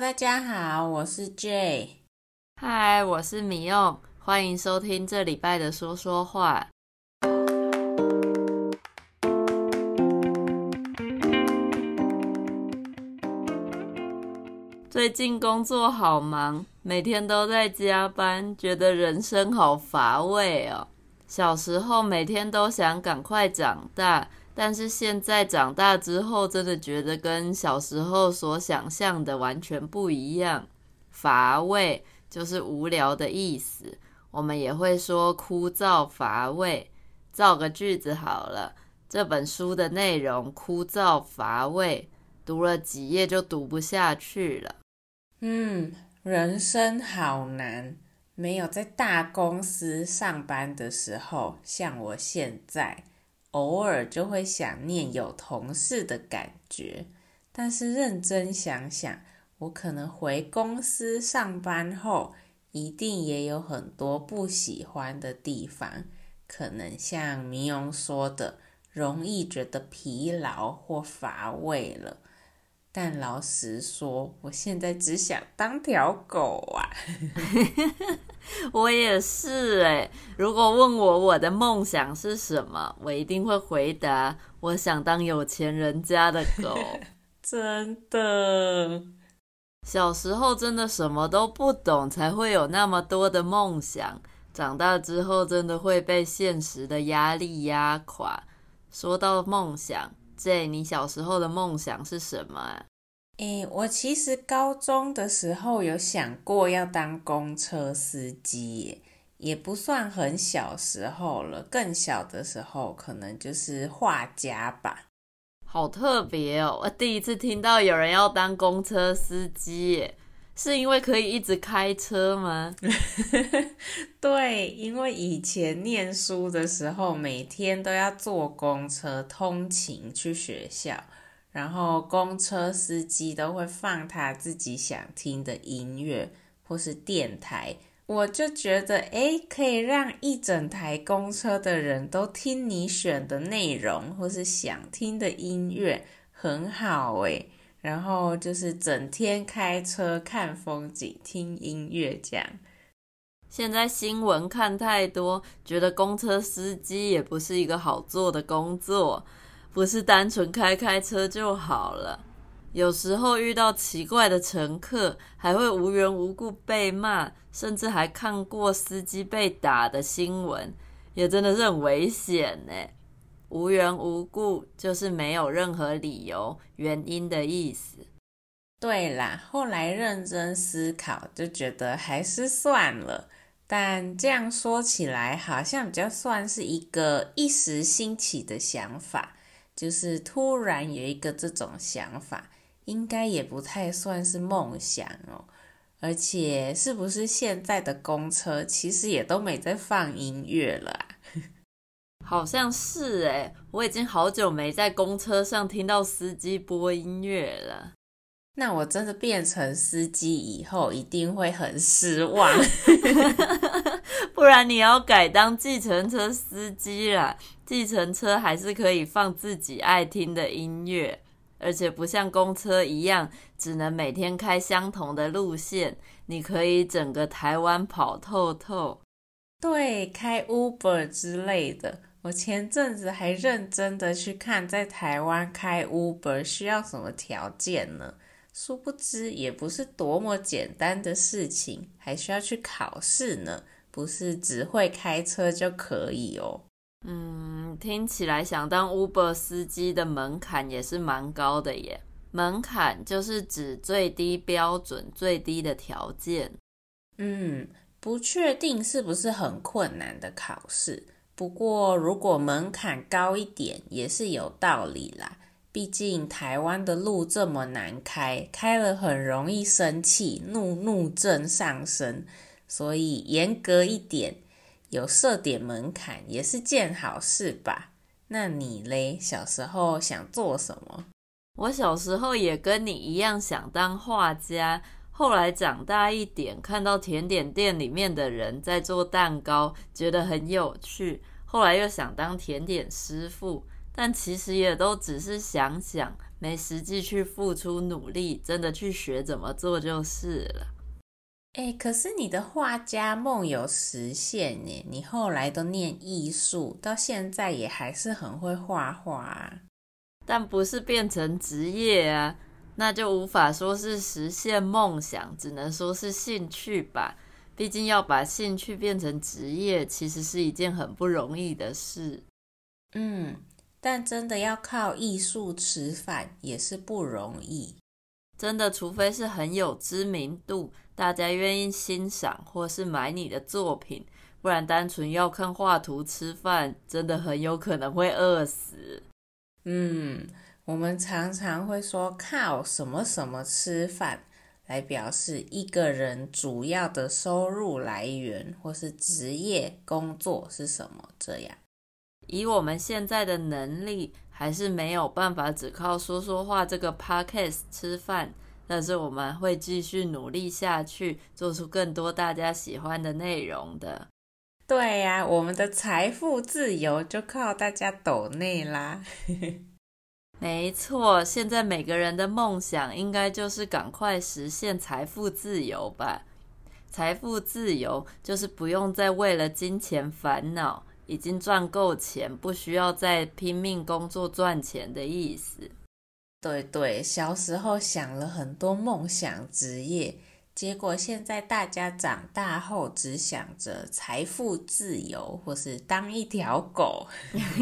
大家好，我是 Jay。嗨，Hi, 我是米用，歡迎收聽這禮拜的說說話。最近工作好忙，每天都在加班，覺得人生好乏味哦。小時候每天都想趕快長大。但是現在長大之後，真的覺得跟小時候所想象的完全不一樣，乏味就是無聊的意思。我們也會說枯燥乏味。造個句子好了，這本書的內容枯燥乏味，讀了幾頁就讀不下去了。嗯，人生好難，沒有在大公司上班的時候，像我現在。偶爾就會想念有同事的感覺，但是認真想想，我可能回公司上班後，一定也有很多不喜歡的地方，可能像明榮說的，容易覺得疲勞或乏味了。但老實說，我現在只想當條狗啊！ 我也是哎、欸。如果問我我的夢想是什麼，我一定會回答：我想當有錢人家的狗。 真的，小時候真的什麼都不懂，才會有那麼多的夢想。長大之後，真的會被現實的壓力壓垮。說到夢想，Jay, 你小時候的夢想是什麼？欸，我其實高中的時候有想過要當公車司機耶，也不算很小時候了，更小的時候可能就是畫家吧。好特別哦、喔，我第一次聽到有人要當公車司機。是因為可以一直開車嗎？ 對，因為以前念書的時候，每天都要坐公車通勤去學校，然後公車司機都會放他自己想聽的音樂或是電台，我就覺得，哎，可以讓一整台公車的人都聽你選的內容或是想聽的音樂，很好哎。然後就是整天開車看風景、聽音樂這樣。現在新聞看太多，覺得公車司機也不是一個好做的工作，不是單純開開車就好了。有時候遇到奇怪的乘客，還會無緣無故被罵，甚至還看過司機被打的新聞，也真的是很危險呢、欸。無緣無故就是沒有任何理由、原因的意思。對啦，後來認真思考，就覺得還是算了。但這樣說起來，好像比較算是一個一時興起的想法，就是突然有一個這種想法，應該也不太算是夢想哦。而且，是不是現在的公車其實也都沒在放音樂了啊？好像是哎、欸，我已經好久沒在公車上聽到司機播音樂了。那我真的變成司機以後，一定會很失望。 不然你要改當計程車司機了。計程車還是可以放自己愛聽的音樂，而且不像公車一樣，只能每天開相同的路線。你可以整個台灣跑透透。對，開 Uber 之類的。我前陣子還認真的去看，在台灣開 Uber 需要什麼條件呢？殊不知也不是多麼簡單的事情，還需要去考試呢，不是只會開車就可以哦。嗯，聽起來想當 Uber 司機的門檻也是蠻高的耶。門檻就是指最低標準、最低的條件。嗯，不確定是不是很困難的考試。不過，如果門檻高一點也是有道理啦。畢竟台灣的路這麼難開，開了很容易生氣，怒路症上升，所以嚴格一點，有設點門檻也是件好事吧。那你嘞？小時候想做什麼？我小時候也跟你一樣想當畫家。後來長大一點，看到甜點店裡面的人在做蛋糕，覺得很有趣。後來又想當甜點師傅，但其實也都只是想想，沒實際去付出努力，真的去學怎麼做就是了。欸，可是你的畫家夢有實現耶？你後來都念藝術，到現在也還是很會畫畫啊，但不是變成職業啊。那就無法說是實現夢想，只能說是興趣吧。畢竟要把興趣變成職業，其實是一件很不容易的事。嗯，但真的要靠藝術吃飯也是不容易。真的，除非是很有知名度，大家願意欣賞或是買你的作品，不然單純要靠畫圖吃飯，真的很有可能會餓死。嗯。我們常常會說靠什麼什麼吃飯，來表示一個人主要的收入來源或是職業工作是什麼這樣。以我們現在的能力還是沒有辦法只靠說說話這個 podcast 吃飯，但是我們會繼續努力下去，做出更多大家喜歡的內容的。對呀、啊，我們的財富自由就靠大家抖內啦。 沒錯，現在每個人的夢想應該就是趕快實現財富自由吧。財富自由就是不用再為了金錢煩惱，已經賺夠錢，不需要再拼命工作賺錢的意思。對對，小時候想了很多夢想職業，結果現在大家長大後只想着財富自由，或是當一條狗。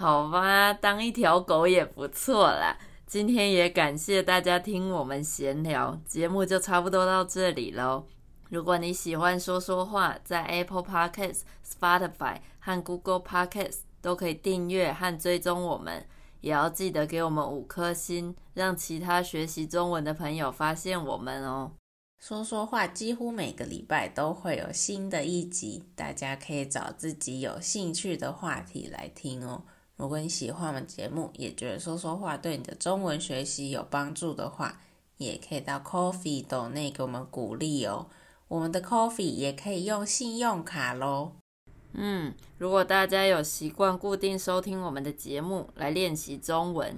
好吧，當一條狗也不錯啦。今天也感謝大家聽我們閒聊，節目就差不多到這裡嘍。如果你喜歡說說話，在 Apple Podcasts、Spotify 和 Google Podcasts 都可以訂閱和追蹤我們，也要記得給我們五顆星，讓其他學習中文的朋友發現我們哦。說說話幾乎每個禮拜都會有新的一集，大家可以找自己有興趣的話題來聽哦。如果你喜歡我們節目，也覺得說說話對你的中文學習有幫助的話，也可以到 Ko-fi 斗內給我們鼓勵哦。我們的 Ko-fi 也可以用信用卡咯。嗯，如果大家有習慣固定收聽我們的節目來練習中文，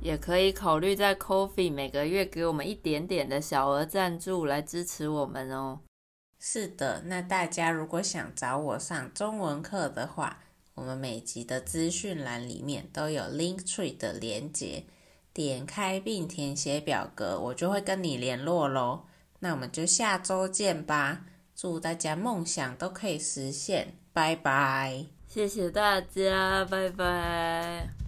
也可以考慮在 Ko-fi 每個月給我們一點點的小額贊助來支持我們哦。是的，那大家如果想找我上中文課的話，我們每集的資訊欄裡面都有 Linktree 的連結，點開並填寫表格，我就會跟你聯絡嘍。那我們就下周見吧，祝大家夢想都可以實現，拜拜！謝謝大家，拜拜。